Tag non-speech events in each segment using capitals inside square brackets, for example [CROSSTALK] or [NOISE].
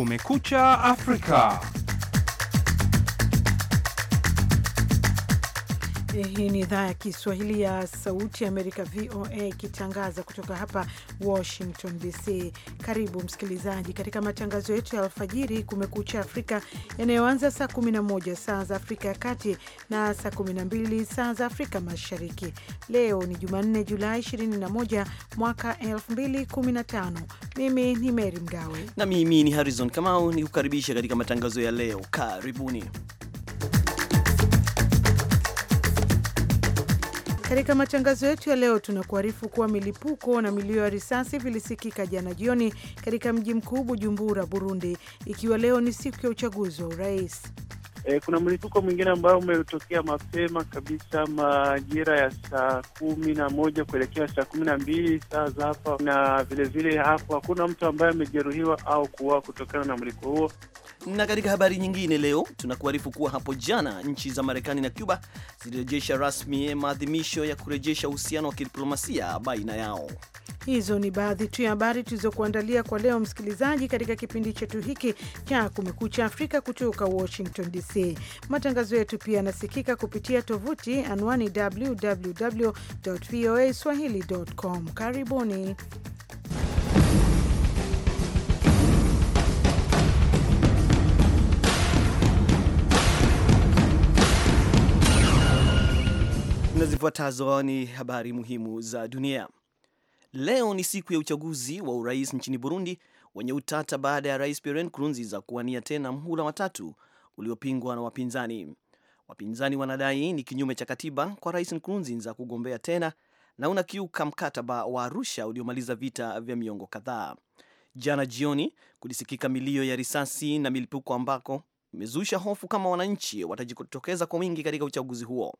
Kumekucha Afrika. Eh, hii ni idhaa ya Kiswahili ya Sauti ya Amerika, VOA, ikitangaza kutoka hapa Washington DC. Karibu msikilizaji katika matangazo yetu ya alfajiri, Kumekucha Afrika, yanayoanza saa 11 saa za Afrika ya Kati na saa 12 saa za Afrika Mashariki. Leo ni Jumanne, Julai 21 mwaka 2015. Mimi ni mery Mgawe na mimi ni Harrison Kamau, ni kukaribisha katika matangazo ya leo. Karibuni. Katika matangazo yetu ya leo tunakuarifu kuwa milipuko na milio ya risasi vilisikika jana jioni katika mji mkuu Bujumbura, Burundi, ikiwa leo ni siku ya uchaguzi wa urais. E, kuna mlipuko mwingine ambao umetokea mapema kabisa majira ya saa kumi na moja kuelekea saa kumi na mbili saa za hapa, na vilevile hapo hakuna mtu ambaye amejeruhiwa au kuwaa kutokana na mlipuko huo. Na katika habari nyingine leo tunakuarifu kuwa hapo jana nchi za Marekani na Cuba zilirejesha rasmi maadhimisho ya kurejesha uhusiano wa kidiplomasia baina yao. Hizo ni baadhi tu ya habari tulizokuandalia kwa leo, msikilizaji, katika kipindi chetu hiki cha Kumekucha Afrika kutoka Washington DC. Matangazo yetu pia yanasikika kupitia tovuti anwani www voa swahili com. Karibuni. na zifuatazo ni habari muhimu za dunia. Leo ni siku ya uchaguzi wa urais nchini Burundi wenye utata baada ya rais Pierre Nkurunziza kuwania tena mhula watatu uliopingwa na wapinzani. Wapinzani wanadai ni kinyume cha katiba kwa rais Nkurunziza kugombea tena na unakiuka mkataba wa Arusha uliomaliza vita vya miongo kadhaa. Jana jioni kulisikika milio ya risasi na milipuko ambako imezusha hofu kama wananchi watajitokeza kwa wingi katika uchaguzi huo.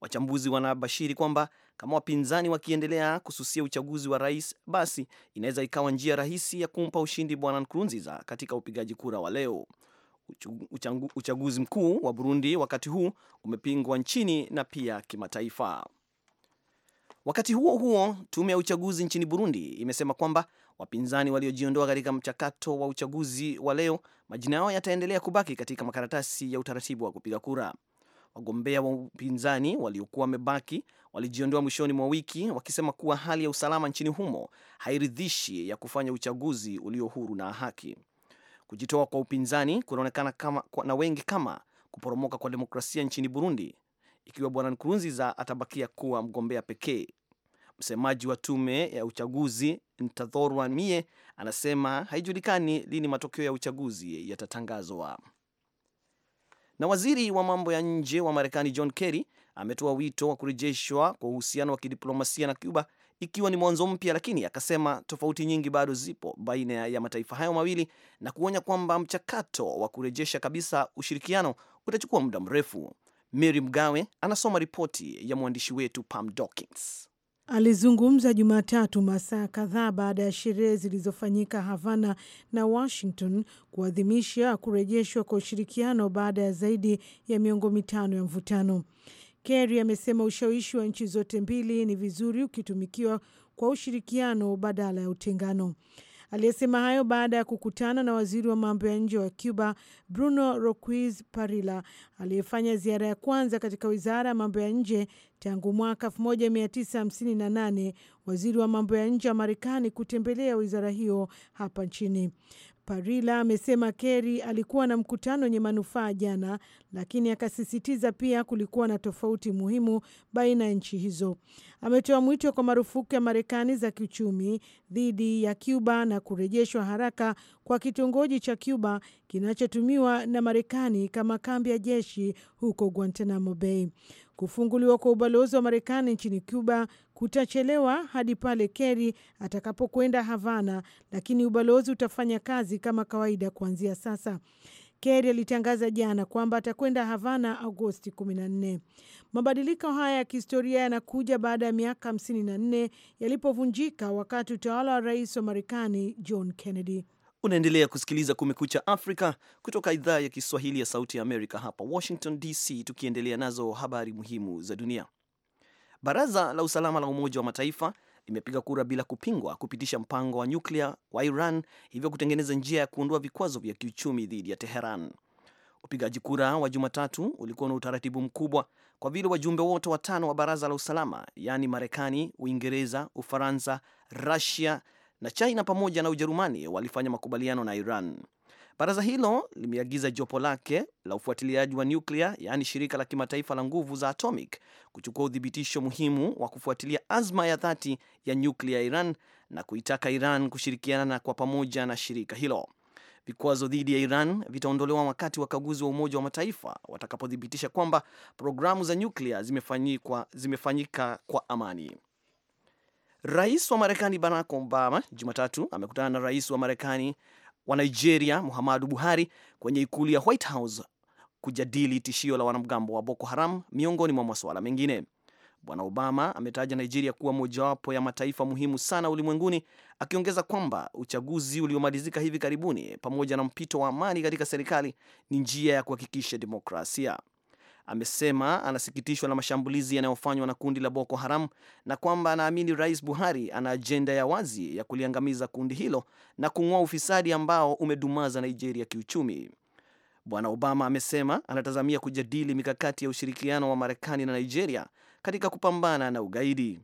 Wachambuzi wanabashiri kwamba kama wapinzani wakiendelea kususia uchaguzi wa rais, basi inaweza ikawa njia rahisi ya kumpa ushindi bwana Nkurunziza katika upigaji kura wa leo. uchaguzi mkuu wa Burundi wakati huu umepingwa nchini na pia kimataifa. Wakati huo huo, tume ya uchaguzi nchini Burundi imesema kwamba wapinzani waliojiondoa katika mchakato wa uchaguzi wa leo, majina yao yataendelea kubaki katika makaratasi ya utaratibu wa kupiga kura. Wagombea wa upinzani waliokuwa wamebaki walijiondoa mwishoni mwa wiki wakisema kuwa hali ya usalama nchini humo hairidhishi ya kufanya uchaguzi ulio huru na haki. Kujitoa kwa upinzani kunaonekana na wengi kama kuporomoka kwa demokrasia nchini Burundi, ikiwa Bwana Nkurunziza atabakia kuwa mgombea pekee. Msemaji wa tume ya uchaguzi Ntathorwa Mie anasema haijulikani lini matokeo ya uchaguzi yatatangazwa. Na waziri wa mambo ya nje wa Marekani John Kerry ametoa wito wa kurejeshwa kwa uhusiano wa kidiplomasia na Cuba ikiwa ni mwanzo mpya, lakini akasema tofauti nyingi bado zipo baina ya mataifa hayo mawili na kuonya kwamba mchakato wa kurejesha kabisa ushirikiano utachukua muda mrefu. Mary Mgawe anasoma ripoti ya mwandishi wetu Pam Dawkins. Alizungumza Jumatatu, masaa kadhaa baada ya sherehe zilizofanyika Havana na Washington kuadhimisha kurejeshwa kwa ushirikiano baada ya zaidi ya miongo mitano ya mvutano. Kerry amesema ushawishi wa nchi zote mbili ni vizuri ukitumikiwa kwa ushirikiano badala ya utengano. Aliyesema hayo baada ya kukutana na waziri wa mambo ya nje wa Cuba Bruno Roquez Parilla aliyefanya ziara ya kwanza katika wizara ya mambo ya nje tangu mwaka 1958 waziri wa mambo ya nje wa Marekani kutembelea wizara hiyo hapa nchini. Parila amesema Kerry alikuwa na mkutano wenye manufaa jana, lakini akasisitiza pia kulikuwa na tofauti muhimu baina ya nchi hizo. Ametoa mwito kwa marufuku ya Marekani za kiuchumi dhidi ya Cuba na kurejeshwa haraka kwa kitongoji cha Cuba kinachotumiwa na Marekani kama kambi ya jeshi huko Guantanamo Bay. Kufunguliwa kwa ubalozi wa Marekani nchini Cuba kutachelewa hadi pale keri atakapokwenda Havana, lakini ubalozi utafanya kazi kama kawaida kuanzia sasa. keri alitangaza jana kwamba atakwenda Havana Agosti 14. Mabadiliko haya ya kihistoria yanakuja baada ya miaka 54 yalipovunjika wakati utawala wa rais wa Marekani John Kennedy. Unaendelea kusikiliza Kumekucha Afrika kutoka idhaa ya Kiswahili ya Sauti ya Amerika hapa Washington DC, tukiendelea nazo habari muhimu za dunia. Baraza la Usalama la Umoja wa Mataifa limepiga kura bila kupingwa kupitisha mpango wa nyuklia wa Iran, hivyo kutengeneza njia ya kuondoa vikwazo vya kiuchumi dhidi ya Teheran. Upigaji kura wa Jumatatu ulikuwa na utaratibu mkubwa kwa vile wajumbe wote watano wa baraza la usalama, yaani Marekani, Uingereza, Ufaransa, Rusia na China pamoja na Ujerumani walifanya makubaliano na Iran. Baraza hilo limeagiza jopo lake la ufuatiliaji wa nyuklia, yaani shirika la kimataifa la nguvu za atomic, kuchukua uthibitisho muhimu wa kufuatilia azma ya dhati ya nyuklia ya Iran na kuitaka Iran kushirikiana kwa pamoja na shirika hilo. Vikwazo dhidi ya Iran vitaondolewa wakati wakaguzi wa Umoja wa Mataifa watakapothibitisha kwamba programu za nyuklia zimefanyika kwa amani. Rais wa Marekani Barack Obama Jumatatu amekutana na rais wa Marekani wa Nigeria Muhammadu Buhari kwenye ikulu ya White House kujadili tishio la wanamgambo wa Boko Haram miongoni mwa masuala mengine. Bwana Obama ametaja Nigeria kuwa mojawapo ya mataifa muhimu sana ulimwenguni, akiongeza kwamba uchaguzi uliomalizika hivi karibuni pamoja na mpito wa amani katika serikali ni njia ya kuhakikisha demokrasia amesema anasikitishwa na mashambulizi yanayofanywa na kundi la Boko Haram na kwamba anaamini Rais Buhari ana ajenda ya wazi ya kuliangamiza kundi hilo na kung'oa ufisadi ambao umedumaza Nigeria kiuchumi. Bwana Obama amesema anatazamia kujadili mikakati ya ushirikiano wa Marekani na Nigeria katika kupambana na ugaidi.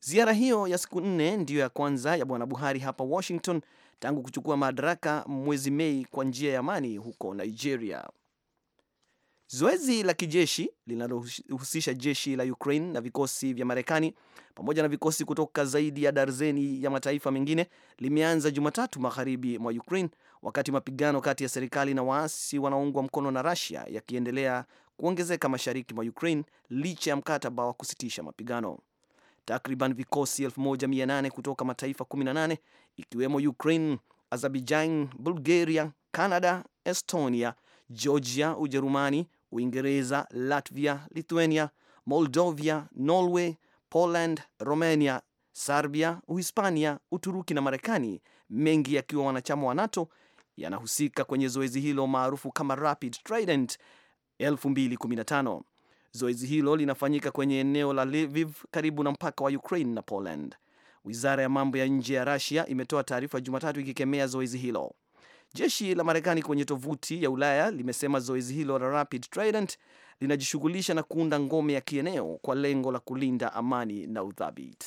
Ziara hiyo ya siku nne ndiyo ya kwanza ya Bwana Buhari hapa Washington tangu kuchukua madaraka mwezi Mei kwa njia ya amani huko Nigeria. Zoezi la kijeshi linalohusisha jeshi la Ukraine na vikosi vya Marekani pamoja na vikosi kutoka zaidi ya darzeni ya mataifa mengine limeanza Jumatatu magharibi mwa Ukraine, wakati mapigano kati ya serikali na waasi wanaoungwa mkono na Russia yakiendelea kuongezeka mashariki mwa Ukraine licha ya mkataba wa kusitisha mapigano. Takriban vikosi 1800 kutoka mataifa 18 ikiwemo Ukraine, Azerbaijan, Bulgaria, Canada, Estonia, Georgia, Ujerumani, Uingereza, Latvia, Lithuania, Moldovia, Norway, Poland, Romania, Serbia, Uhispania, Uturuki na Marekani, mengi yakiwa wanachama wa NATO, yanahusika kwenye zoezi hilo maarufu kama Rapid Trident 2015. Zoezi hilo linafanyika kwenye eneo la Lviv karibu na mpaka wa Ukraine na Poland. Wizara ya mambo ya nje ya Russia imetoa taarifa Jumatatu ikikemea zoezi hilo. Jeshi la Marekani kwenye tovuti ya Ulaya limesema zoezi hilo la Rapid Trident linajishughulisha na kuunda ngome ya kieneo kwa lengo la kulinda amani na uthabiti.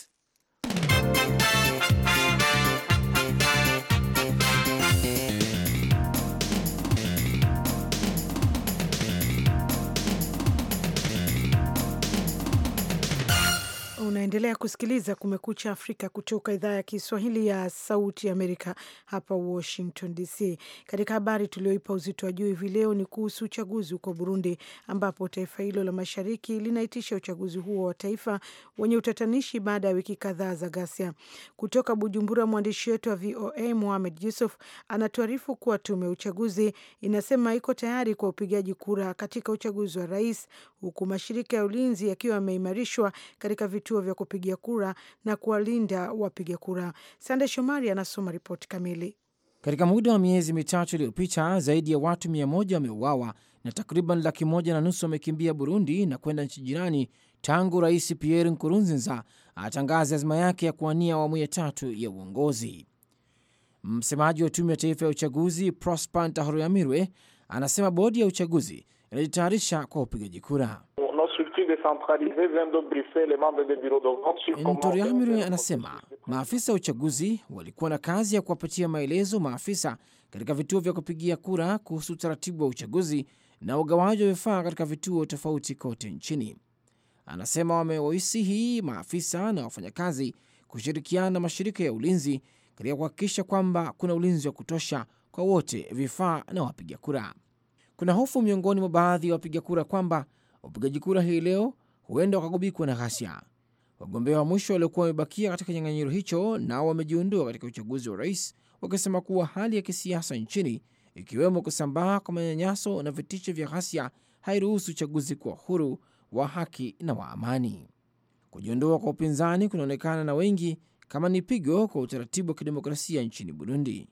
Unaendelea kusikiliza Kumekucha Afrika kutoka idhaa ya Kiswahili ya Sauti Amerika hapa Washington DC. Katika habari tulioipa uzito wa juu hivi leo ni kuhusu uchaguzi huko Burundi, ambapo taifa hilo la mashariki linaitisha uchaguzi huo wa taifa wenye utatanishi baada ya wiki kadhaa za ghasia. Kutoka Bujumbura, mwandishi wetu wa VOA Muhamed Yusuf anatuarifu kuwa tume ya uchaguzi inasema iko tayari kwa upigaji kura katika uchaguzi wa rais, huku mashirika ya ulinzi yakiwa yameimarishwa katika vituo vituo vya kupiga kura na kuwalinda wapiga kura. Sande Shomari anasoma ripoti kamili. Katika muda wa miezi mitatu iliyopita, zaidi ya watu mia moja wameuawa na takriban laki moja na nusu wamekimbia Burundi na kwenda nchi jirani tangu Rais Pierre Nkurunziza atangaze azima yake ya kuwania awamu ya tatu ya uongozi. Msemaji wa Tume ya Taifa ya Uchaguzi Prosper Ntahoroyamirwe anasema bodi ya uchaguzi inajitayarisha kwa upigaji kura. Ntori Amri anasema maafisa wa uchaguzi walikuwa na kazi ya kuwapatia maelezo maafisa katika vituo vya kupigia kura kuhusu utaratibu wa uchaguzi na ugawaji wa vifaa katika vituo tofauti kote nchini. Anasema wamewaisihi maafisa na wafanyakazi kushirikiana na mashirika ya ulinzi katika kuhakikisha kwamba kuna ulinzi wa kutosha kwa wote, vifaa na wapiga kura. Kuna hofu miongoni mwa baadhi ya wapiga kura kwamba Upigaji kura hii leo huenda wakagubikwa na ghasia. Wagombea wa mwisho waliokuwa wamebakia katika kinyang'anyiro hicho nao wamejiondoa katika uchaguzi wa rais, wakisema kuwa hali ya kisiasa nchini, ikiwemo kusambaa kwa manyanyaso na vitisho vya ghasia, hairuhusu uchaguzi kuwa huru, wa haki na wa amani. Kujiondoa kwa upinzani kunaonekana na wengi kama ni pigo kwa utaratibu wa kidemokrasia nchini Burundi.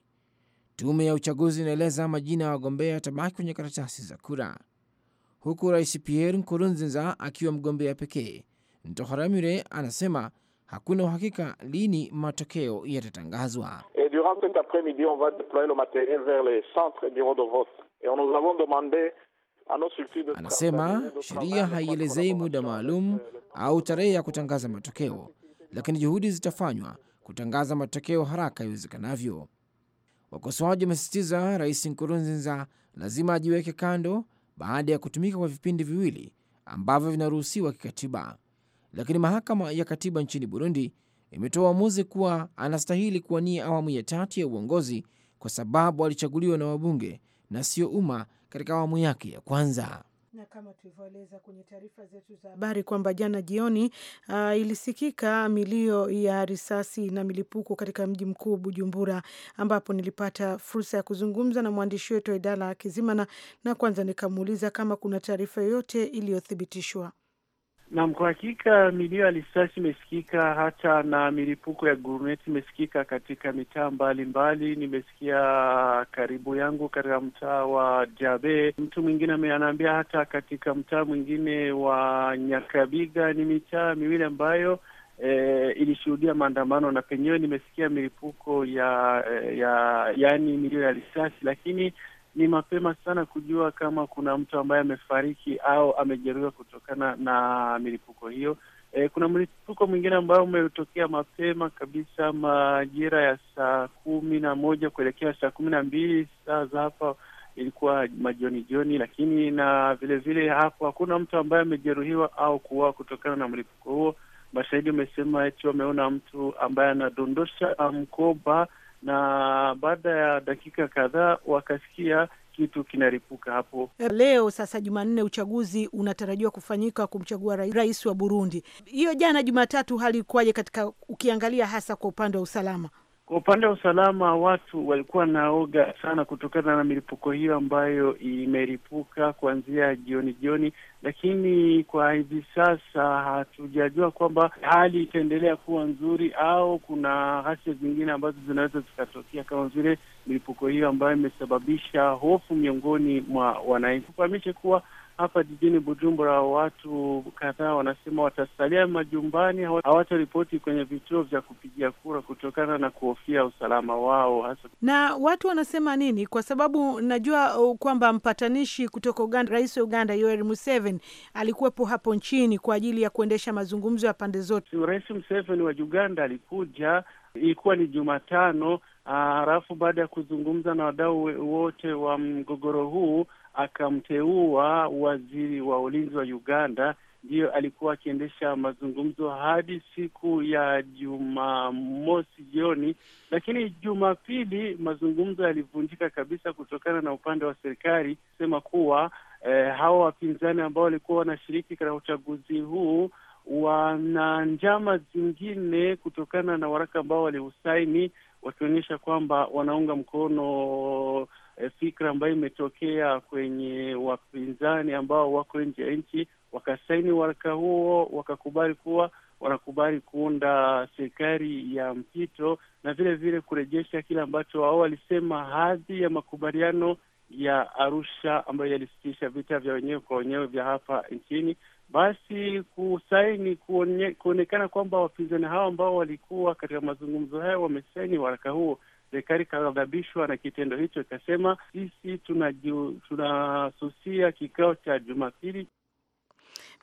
Tume ya uchaguzi inaeleza majina ya wagombea yatabaki kwenye karatasi za kura huku rais Pierre Nkurunziza akiwa mgombea pekee. Ntoharamire anasema hakuna uhakika lini matokeo yatatangazwa. Anasema sheria haielezei muda maalum au tarehe ya kutangaza matokeo, lakini juhudi zitafanywa kutangaza matokeo haraka iwezekanavyo. Wakosoaji wamesisitiza rais Nkurunziza lazima ajiweke kando baada ya kutumika kwa vipindi viwili ambavyo vinaruhusiwa kikatiba, lakini mahakama ya katiba nchini Burundi imetoa uamuzi kuwa anastahili kuwania awamu ya tatu ya uongozi kwa sababu alichaguliwa na wabunge na sio umma katika awamu yake ya kwanza na kama tulivyoeleza kwenye taarifa zetu za habari kwamba jana jioni uh, ilisikika milio ya risasi na milipuko katika mji mkuu Bujumbura, ambapo nilipata fursa ya kuzungumza na mwandishi wetu Idala Kizimana, na kwanza nikamuuliza kama kuna taarifa yoyote iliyothibitishwa. Naam, kwa hakika milio ya risasi imesikika, hata na milipuko ya guruneti imesikika katika mitaa mbalimbali. Nimesikia karibu yangu katika mtaa wa Jabe, mtu mwingine anaambia hata katika mtaa mwingine wa Nyakabiga. Ni mitaa miwili ambayo e, ilishuhudia maandamano na penyewe nimesikia milipuko ya, e, ya yaani milio ya risasi, lakini ni mapema sana kujua kama kuna mtu ambaye amefariki au amejeruhiwa kutokana na milipuko hiyo. E, kuna mlipuko mwingine ambao umetokea mapema kabisa majira ya saa kumi na moja kuelekea saa kumi na mbili saa za hapa ilikuwa majioni jioni, lakini na vilevile vile hapo hakuna mtu ambaye amejeruhiwa au kuuawa kutokana na mlipuko huo. Mashahidi wamesema eti wameona mtu ambaye anadondosha mkoba na baada ya dakika kadhaa wakasikia kitu kinaripuka hapo. Leo sasa Jumanne, uchaguzi unatarajiwa kufanyika kumchagua rais wa Burundi. Hiyo jana Jumatatu hali ikuwaje katika, ukiangalia hasa kwa upande wa usalama? Kwa upande wa usalama, watu walikuwa naoga sana kutokana na milipuko hiyo ambayo imeripuka kuanzia jioni jioni, lakini kwa hivi sasa hatujajua kwamba hali itaendelea kuwa nzuri au kuna ghasia zingine ambazo zinaweza zikatokea kama vile milipuko hiyo ambayo imesababisha hofu miongoni mwa wananchi. Kufahamishe kuwa hapa jijini Bujumbura, watu kadhaa wanasema watasalia majumbani, hawataripoti kwenye vituo vya kupigia kura kutokana na kuhofia usalama wao hasa. Na watu wanasema nini? Kwa sababu najua uh, kwamba mpatanishi kutoka Uganda, rais wa Uganda Yoweri Museveni alikuwepo hapo nchini kwa ajili ya kuendesha mazungumzo ya pande zote. Rais Museveni wa Uganda alikuja, ilikuwa ni Jumatano, ah, halafu baada ya kuzungumza na wadau wote wa mgogoro huu akamteua waziri wa ulinzi wa Uganda, ndiyo alikuwa akiendesha mazungumzo hadi siku ya Jumamosi jioni, lakini Jumapili mazungumzo yalivunjika kabisa kutokana na upande wa serikali kusema kuwa eh, hawa wapinzani ambao walikuwa wanashiriki katika uchaguzi huu wana njama zingine kutokana na waraka ambao waliusaini wakionyesha kwamba wanaunga mkono Eh, fikra ambayo imetokea kwenye wapinzani ambao wako nje ya nchi, wakasaini waraka huo, wakakubali kuwa wanakubali kuunda serikali ya mpito na vile vile kurejesha kile ambacho wao walisema hadhi ya makubaliano ya Arusha ambayo yalisitisha vita vya wenyewe kwa wenyewe vya hapa nchini. Basi kusaini kuonekana kwamba wapinzani hao ambao walikuwa katika mazungumzo hayo wamesaini waraka huo Serikali ikaghadhabishwa na kitendo hicho, ikasema sisi tunasusia kikao cha Jumapili.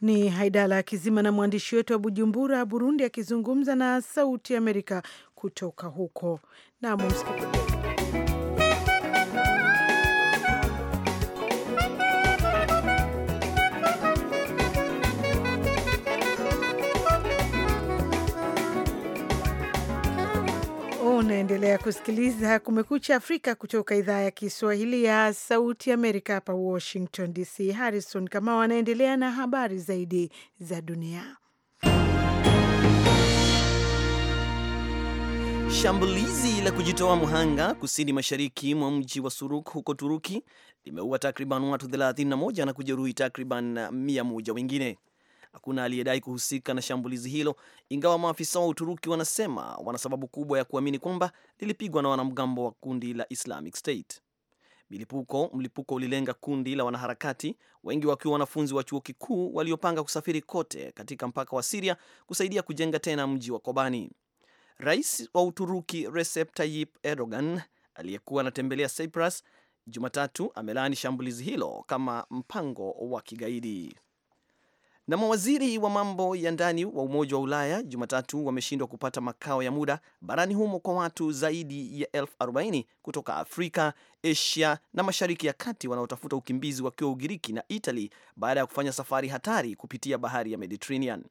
Ni Haidala Kizima na mwandishi wetu wa Bujumbura, Burundi, akizungumza na Sauti Amerika kutoka huko nam Unaendelea kusikiliza Kumekucha Afrika kutoka idhaa ya Kiswahili ya Sauti Amerika, hapa Washington DC. Harrison Kamau anaendelea na habari zaidi za dunia. Shambulizi la kujitoa mhanga kusini mashariki mwa mji wa Suruk huko Turuki limeua takriban watu 31 na kujeruhi takriban 100 wengine. Hakuna aliyedai kuhusika na shambulizi hilo, ingawa maafisa wa Uturuki wanasema wana sababu kubwa ya kuamini kwamba lilipigwa na wanamgambo wa kundi la Islamic State. Milipuko mlipuko ulilenga kundi la wanaharakati, wengi wakiwa wanafunzi wa chuo kikuu waliopanga kusafiri kote katika mpaka wa Siria kusaidia kujenga tena mji wa Kobani. Rais wa Uturuki Recep Tayyip Erdogan aliyekuwa anatembelea Cyprus Jumatatu amelaani shambulizi hilo kama mpango wa kigaidi. Na mawaziri wa mambo ya ndani wa Umoja wa Ulaya Jumatatu wameshindwa kupata makao ya muda barani humo kwa watu zaidi ya elfu kutoka Afrika, Asia na Mashariki ya Kati wanaotafuta ukimbizi wakiwa Ugiriki na Italy baada ya kufanya safari hatari kupitia bahari ya Mediterranean.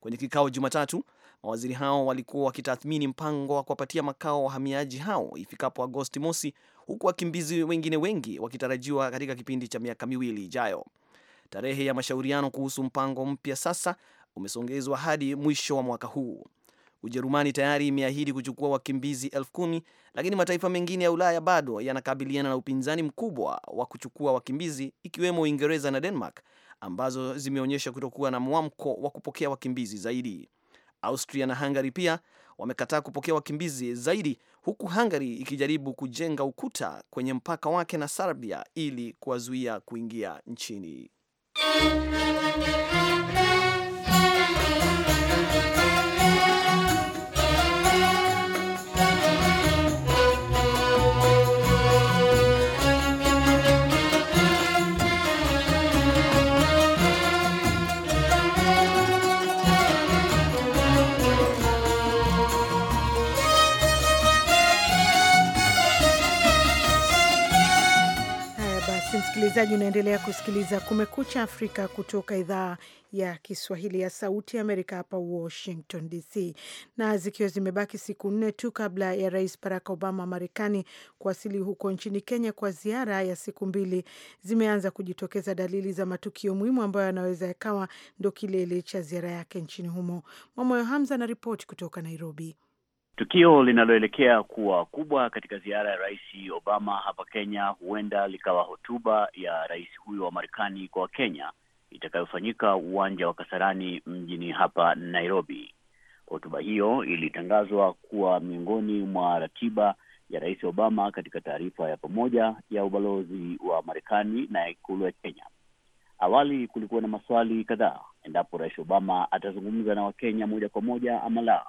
Kwenye kikao Jumatatu, mawaziri hao walikuwa wakitathmini mpango wa kuwapatia makao wahamiaji hao ifikapo Agosti mosi, huku wakimbizi wengine wengi wakitarajiwa katika kipindi cha miaka miwili ijayo. Tarehe ya mashauriano kuhusu mpango mpya sasa umesongezwa hadi mwisho wa mwaka huu. Ujerumani tayari imeahidi kuchukua wakimbizi elfu kumi lakini mataifa mengine ya Ulaya bado yanakabiliana na upinzani mkubwa wa kuchukua wakimbizi ikiwemo Uingereza na Denmark ambazo zimeonyesha kutokuwa na mwamko wa kupokea wakimbizi zaidi. Austria na Hungary pia wamekataa kupokea wakimbizi zaidi, huku Hungary ikijaribu kujenga ukuta kwenye mpaka wake na Serbia ili kuwazuia kuingia nchini. Thank you. Msikilizaji, unaendelea kusikiliza Kumekucha Afrika kutoka idhaa ya Kiswahili ya Sauti ya Amerika hapa Washington DC. Na zikiwa zimebaki siku nne tu kabla ya Rais Barack Obama wa Marekani kuwasili huko nchini Kenya kwa ziara ya siku mbili, zimeanza kujitokeza dalili za matukio muhimu ambayo yanaweza yakawa ndo kilele cha ziara yake nchini humo. Mwamoyo Hamza na ripoti kutoka Nairobi. Tukio linaloelekea kuwa kubwa katika ziara ya Rais Obama hapa Kenya huenda likawa hotuba ya rais huyo wa Marekani kwa Wakenya itakayofanyika uwanja wa Kasarani mjini hapa Nairobi. Hotuba hiyo ilitangazwa kuwa miongoni mwa ratiba ya Rais Obama katika taarifa ya pamoja ya ubalozi wa Marekani na ikulu ya Kenya. Awali kulikuwa na maswali kadhaa endapo Rais Obama atazungumza na Wakenya moja kwa moja ama la.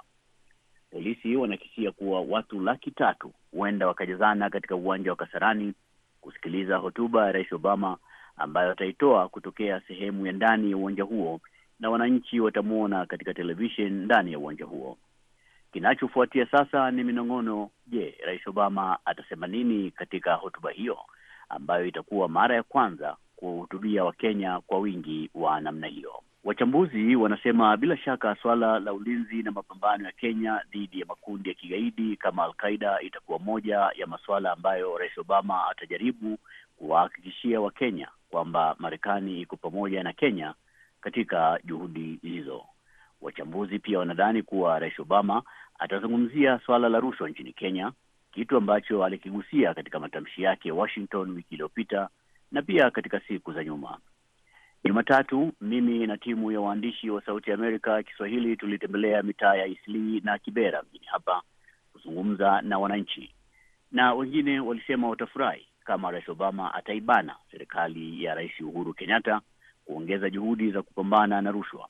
Polisi wanakisia kuwa watu laki tatu huenda wakajazana katika uwanja wa Kasarani kusikiliza hotuba ya Rais Obama ambayo ataitoa kutokea sehemu ya ndani ya uwanja huo, na wananchi watamwona katika televisheni ndani ya uwanja huo. Kinachofuatia sasa ni minong'ono. Je, Rais Obama atasema nini katika hotuba hiyo ambayo itakuwa mara ya kwanza kuwahutubia Wakenya kwa wingi wa namna hiyo? Wachambuzi wanasema bila shaka swala la ulinzi na mapambano ya Kenya dhidi ya makundi ya kigaidi kama Alqaida itakuwa moja ya masuala ambayo Rais Obama atajaribu kuwahakikishia Wakenya kwamba Marekani iko pamoja na Kenya katika juhudi hizo. Wachambuzi pia wanadhani kuwa Rais Obama atazungumzia swala la rushwa nchini Kenya, kitu ambacho alikigusia katika matamshi yake Washington wiki iliyopita na pia katika siku za nyuma. Jumatatu mimi na timu ya waandishi wa Sauti Amerika Kiswahili tulitembelea mitaa ya Isli na Kibera mjini hapa kuzungumza na wananchi, na wengine walisema watafurahi kama Rais Obama ataibana serikali ya Rais Uhuru Kenyatta kuongeza juhudi za kupambana na rushwa.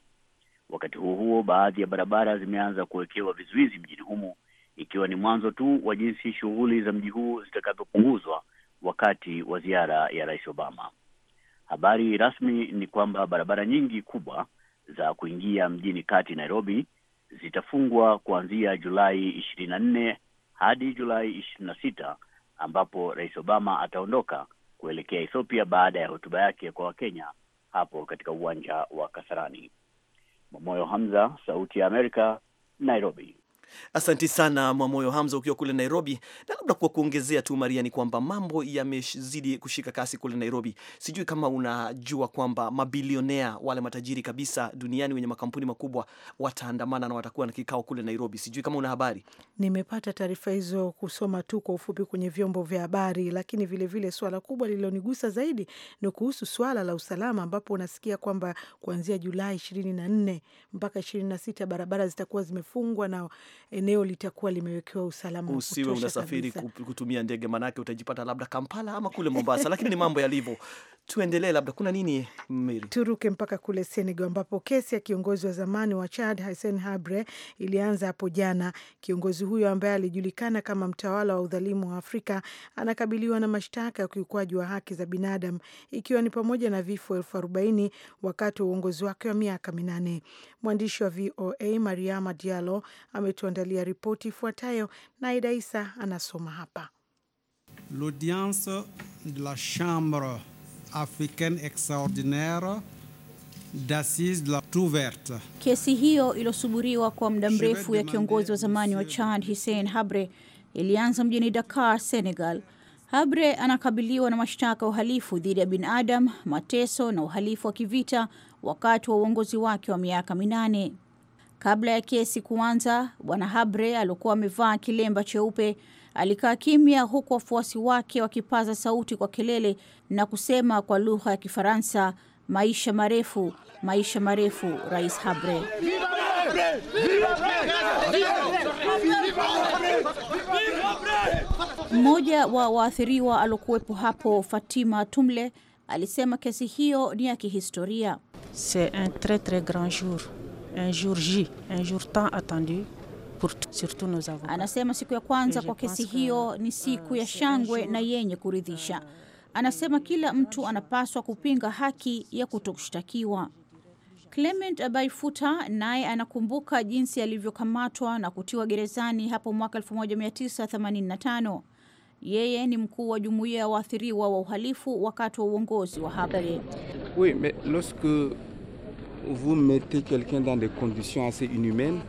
Wakati huo huo, baadhi ya barabara zimeanza kuwekewa vizuizi mjini humo, ikiwa ni mwanzo tu wa jinsi shughuli za mji huu zitakavyopunguzwa wakati wa ziara ya Rais Obama. Habari rasmi ni kwamba barabara nyingi kubwa za kuingia mjini kati Nairobi zitafungwa kuanzia Julai ishirini na nne hadi Julai ishirini na sita ambapo Rais Obama ataondoka kuelekea Ethiopia baada ya hotuba yake kwa Wakenya hapo katika uwanja wa Kasarani. mamoyo Hamza, Sauti ya Amerika, Nairobi. Asanti sana Mwamoyo Hamza, ukiwa kule Nairobi. Na labda kwa kuongezea tu, Maria, ni kwamba mambo yamezidi kushika kasi kule Nairobi. Sijui kama unajua kwamba mabilionea wale matajiri kabisa duniani wenye makampuni makubwa wataandamana na watakuwa na kikao kule Nairobi. Sijui kama una habari. Nimepata taarifa hizo kusoma tu kwa ufupi kwenye vyombo vya habari, lakini vilevile swala kubwa lililonigusa zaidi ni kuhusu swala la usalama, ambapo unasikia kwamba kuanzia Julai ishirini na nne mpaka ishirini na sita barabara zitakuwa zimefungwa na eneo litakuwa limewekewa usalama, usiwe unasafiri kutumia ndege, maanake utajipata labda Kampala ama kule Mombasa, lakini ni mambo yalivyo. [LAUGHS] Tuendelee, labda kuna nini Mary? Turuke mpaka kule Senegal ambapo kesi ya kiongozi wa zamani wa Chad hasen Habre ilianza hapo jana. Kiongozi huyo ambaye alijulikana kama mtawala wa udhalimu wa Afrika anakabiliwa na mashtaka ya ukiukwaji wa haki za binadamu, ikiwa ni pamoja na vifo elfu arobaini wakati wa uongozi wake wa miaka minane. Mwandishi wa VOA Mariama Diallo ametuandalia ripoti ifuatayo na Aida Isa anasoma hapa. L'audience de la chambre africaine extraordinaire d'assises la verte. Kesi hiyo iliyosubiriwa kwa muda mrefu ya kiongozi wa zamani wa Chad Hussein Habre ilianza mjini Dakar, Senegal. Habre anakabiliwa na mashtaka ya uhalifu dhidi ya binadamu, mateso na uhalifu wa kivita wakati wa uongozi wake wa miaka minane. Kabla ya kesi kuanza, bwana Habre alikuwa amevaa kilemba cheupe alikaa kimya, huku wafuasi wake wakipaza sauti kwa kelele na kusema kwa lugha ya Kifaransa, maisha marefu, maisha marefu Rais Habre. Mmoja wa waathiriwa aliokuwepo hapo, Fatima Tumle, alisema kesi hiyo ni ya kihistoria. C'est un très très grand jour, un jour J, un jour tant attendu Anasema siku ya kwanza kwa kesi hiyo ni siku ya ah, shangwe na yenye kuridhisha. Anasema kila mtu anapaswa kupinga haki ya kutoshtakiwa. Clement Abaifuta naye anakumbuka jinsi alivyokamatwa na kutiwa gerezani hapo mwaka 1985. Yeye ni mkuu wa jumuiya ya waathiriwa wa uhalifu wakati wa uongozi wa Habre. Oui, mais lorsque vous mettez quelqu'un dans des conditions assez inhumaines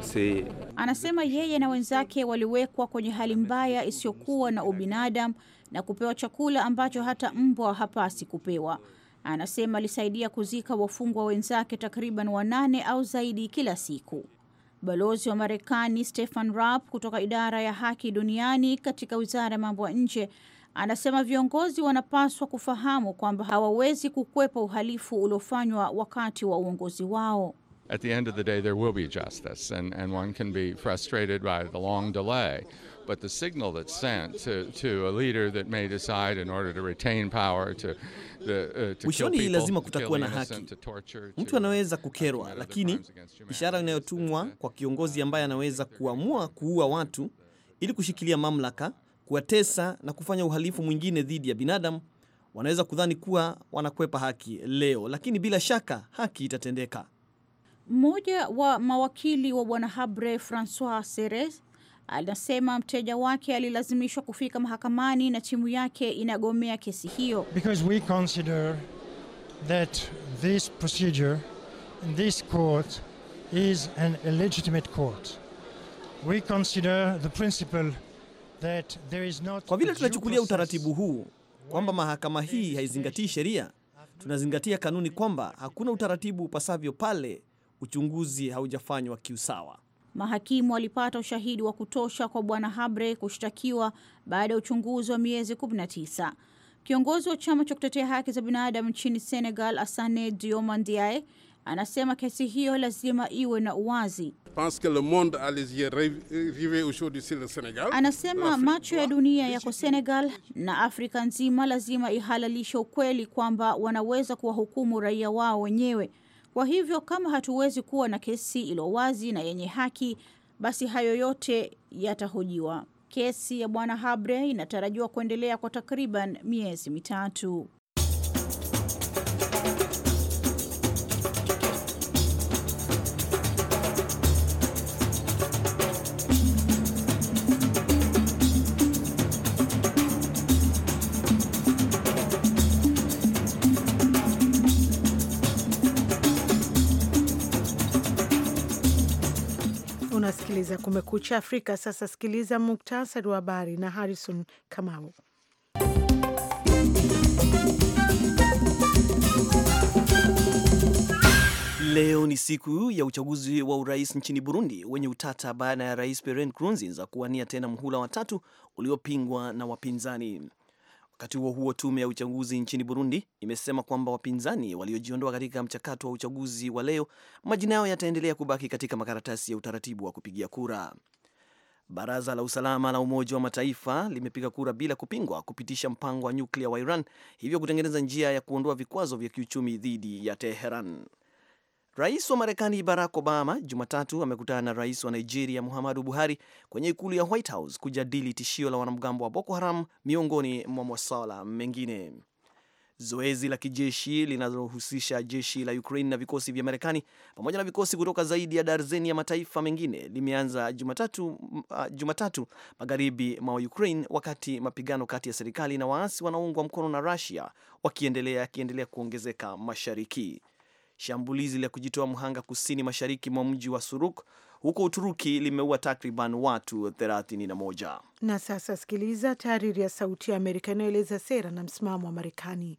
si. Anasema yeye na wenzake waliwekwa kwenye hali mbaya isiyokuwa na ubinadamu na kupewa chakula ambacho hata mbwa hapasi kupewa. Anasema alisaidia kuzika wafungwa wenzake takriban wanane au zaidi kila siku. Balozi wa Marekani Stefan Rapp kutoka idara ya haki duniani katika wizara ya mambo ya nje anasema viongozi wanapaswa kufahamu kwamba hawawezi kukwepa uhalifu uliofanywa wakati wa uongozi wao at the end of the day, there will be justice, and, and one can be frustrated by the long delay. But the signal that's sent to, to a leader that may decide in order to retain power to the, uh, mwishoni people, lazima kutakuwa na haki. To torture, to Mtu anaweza kukerwa, lakini ishara inayotumwa kwa kiongozi ambaye anaweza kuamua kuua watu ili kushikilia mamlaka, kuwatesa na kufanya uhalifu mwingine dhidi ya binadamu wanaweza kudhani kuwa wanakwepa haki leo, lakini bila shaka haki itatendeka. Mmoja wa mawakili wa bwana Habre, Francois Seres, anasema mteja wake alilazimishwa kufika mahakamani na timu yake inagomea kesi hiyo. Because we consider that this procedure in this court is an illegitimate court. We consider the principle that there is not. Kwa vile tunachukulia utaratibu huu kwamba mahakama hii haizingatii sheria, tunazingatia kanuni kwamba hakuna utaratibu upasavyo pale uchunguzi haujafanywa kiusawa. Mahakimu walipata ushahidi wa kutosha kwa bwana Habre kushtakiwa baada ya uchunguzi wa miezi 19. Kiongozi wa chama cha kutetea haki za binadamu nchini Senegal, Asane diomandiae Ndiaye, anasema kesi hiyo lazima iwe na uwazi. Anasema macho ya dunia yako Senegal na Afrika nzima lazima ihalalishe ukweli kwamba wanaweza kuwahukumu raia wao wenyewe kwa hivyo kama hatuwezi kuwa na kesi ilo wazi na yenye haki, basi hayo yote yatahojiwa. Kesi ya Bwana Habre inatarajiwa kuendelea kwa takriban miezi mitatu. unasikiliza Kumekucha Afrika. Sasa sikiliza muktasari wa habari na Harrison Kamau. Leo ni siku ya uchaguzi wa urais nchini Burundi wenye utata baada ya rais Pierre Nkurunziza kuwania tena mhula wa tatu uliopingwa na wapinzani. Wakati huo huo, tume ya uchaguzi nchini Burundi imesema kwamba wapinzani waliojiondoa katika mchakato wa uchaguzi wa leo, majina yao yataendelea kubaki katika makaratasi ya utaratibu wa kupigia kura. Baraza la usalama la Umoja wa Mataifa limepiga kura bila kupingwa kupitisha mpango wa nyuklia wa Iran, hivyo kutengeneza njia ya kuondoa vikwazo vya kiuchumi dhidi ya Teheran. Rais wa Marekani Barack Obama Jumatatu amekutana na rais wa Nigeria Muhammadu Buhari kwenye ikulu ya White House kujadili tishio la wanamgambo wa Boko Haram miongoni mwa masuala mengine. Zoezi la kijeshi linalohusisha jeshi la Ukraine na vikosi vya Marekani pamoja na vikosi kutoka zaidi ya darzeni ya mataifa mengine limeanza Jumatatu, uh, Jumatatu magharibi mwa Ukraine, wakati mapigano kati ya serikali na waasi wanaoungwa mkono na Russia wakiendelea yakiendelea kuongezeka mashariki. Shambulizi la kujitoa mhanga kusini mashariki mwa mji wa Suruk huko Uturuki limeua takriban watu 31. Na sasa sikiliza tahariri ya Sauti ya Amerika inayoeleza sera na msimamo wa Marekani.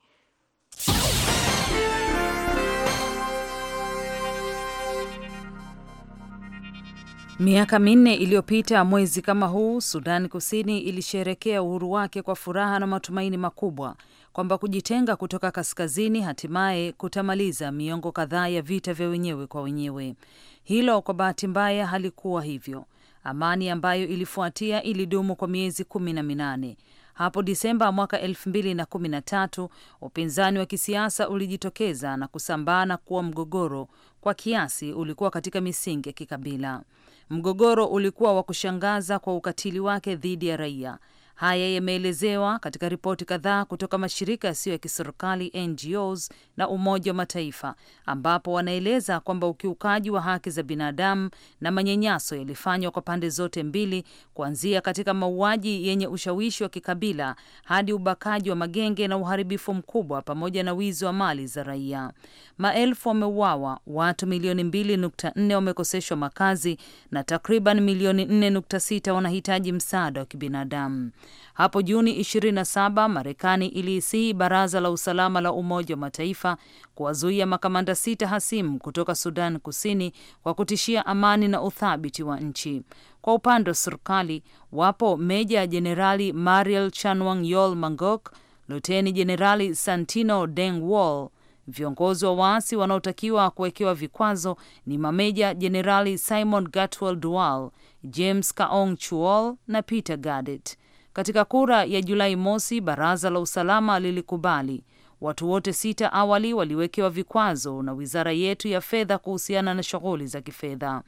Miaka minne iliyopita mwezi kama huu, Sudani Kusini ilisherekea uhuru wake kwa furaha na matumaini makubwa kwamba kujitenga kutoka kaskazini hatimaye kutamaliza miongo kadhaa ya vita vya wenyewe kwa wenyewe. Hilo kwa bahati mbaya halikuwa hivyo. Amani ambayo ilifuatia ilidumu kwa miezi kumi na minane. Hapo Disemba mwaka elfu mbili na kumi na tatu upinzani wa kisiasa ulijitokeza na kusambana kuwa mgogoro kwa kiasi ulikuwa katika misingi ya kikabila. Mgogoro ulikuwa wa kushangaza kwa ukatili wake dhidi ya raia, Haya yameelezewa katika ripoti kadhaa kutoka mashirika yasiyo ya kiserikali NGOs na Umoja wa Mataifa, ambapo wanaeleza kwamba ukiukaji wa haki za binadamu na manyanyaso yalifanywa kwa pande zote mbili, kuanzia katika mauaji yenye ushawishi wa kikabila hadi ubakaji wa magenge na uharibifu mkubwa, pamoja na wizi wa mali za raia. Maelfu wameuawa, watu milioni 2.4 wamekoseshwa makazi na takriban milioni 4.6 wanahitaji msaada wa kibinadamu. Hapo Juni 27 Marekani iliisihi Baraza la Usalama la Umoja wa Mataifa kuwazuia makamanda sita hasimu kutoka Sudan Kusini kwa kutishia amani na uthabiti wa nchi. Kwa upande wa serikali, wapo Meja Jenerali Mariel Chanwang Yol Mangok, Luteni Jenerali Santino Deng Wall. Viongozi wa waasi wanaotakiwa kuwekewa vikwazo ni mameja jenerali Simon Gatwel Dual, James Kaong Chuol na Peter Gadet. Katika kura ya Julai mosi, baraza la usalama lilikubali watu wote sita awali waliwekewa vikwazo na wizara yetu ya fedha kuhusiana na shughuli za kifedha.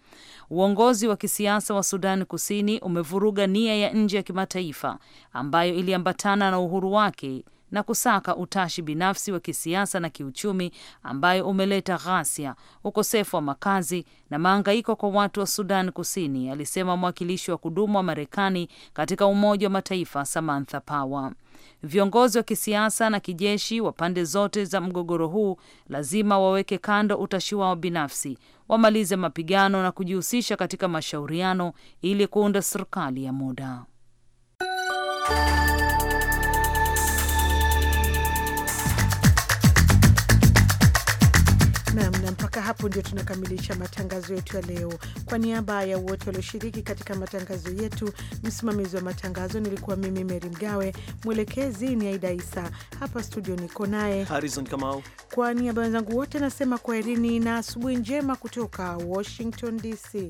Uongozi wa kisiasa wa sudani Kusini umevuruga nia ya nje ya kimataifa ambayo iliambatana na uhuru wake na kusaka utashi binafsi wa kisiasa na kiuchumi ambayo umeleta ghasia, ukosefu wa makazi na maangaiko kwa watu wa Sudan Kusini, alisema mwakilishi wa kudumu wa Marekani katika Umoja wa Mataifa Samantha Power. Viongozi wa kisiasa na kijeshi wa pande zote za mgogoro huu lazima waweke kando utashi wao binafsi, wamalize mapigano na kujihusisha katika mashauriano ili kuunda serikali ya muda. na mpaka hapo ndio tunakamilisha matangazo yetu ya leo. Kwa niaba ya wote walioshiriki katika matangazo yetu, msimamizi wa matangazo nilikuwa mimi Meri Mgawe, mwelekezi ni Aida Isa, hapa studio niko naye Harrison Kamau. Kwa niaba wenzangu wote nasema kwaherini na asubuhi njema kutoka Washington DC.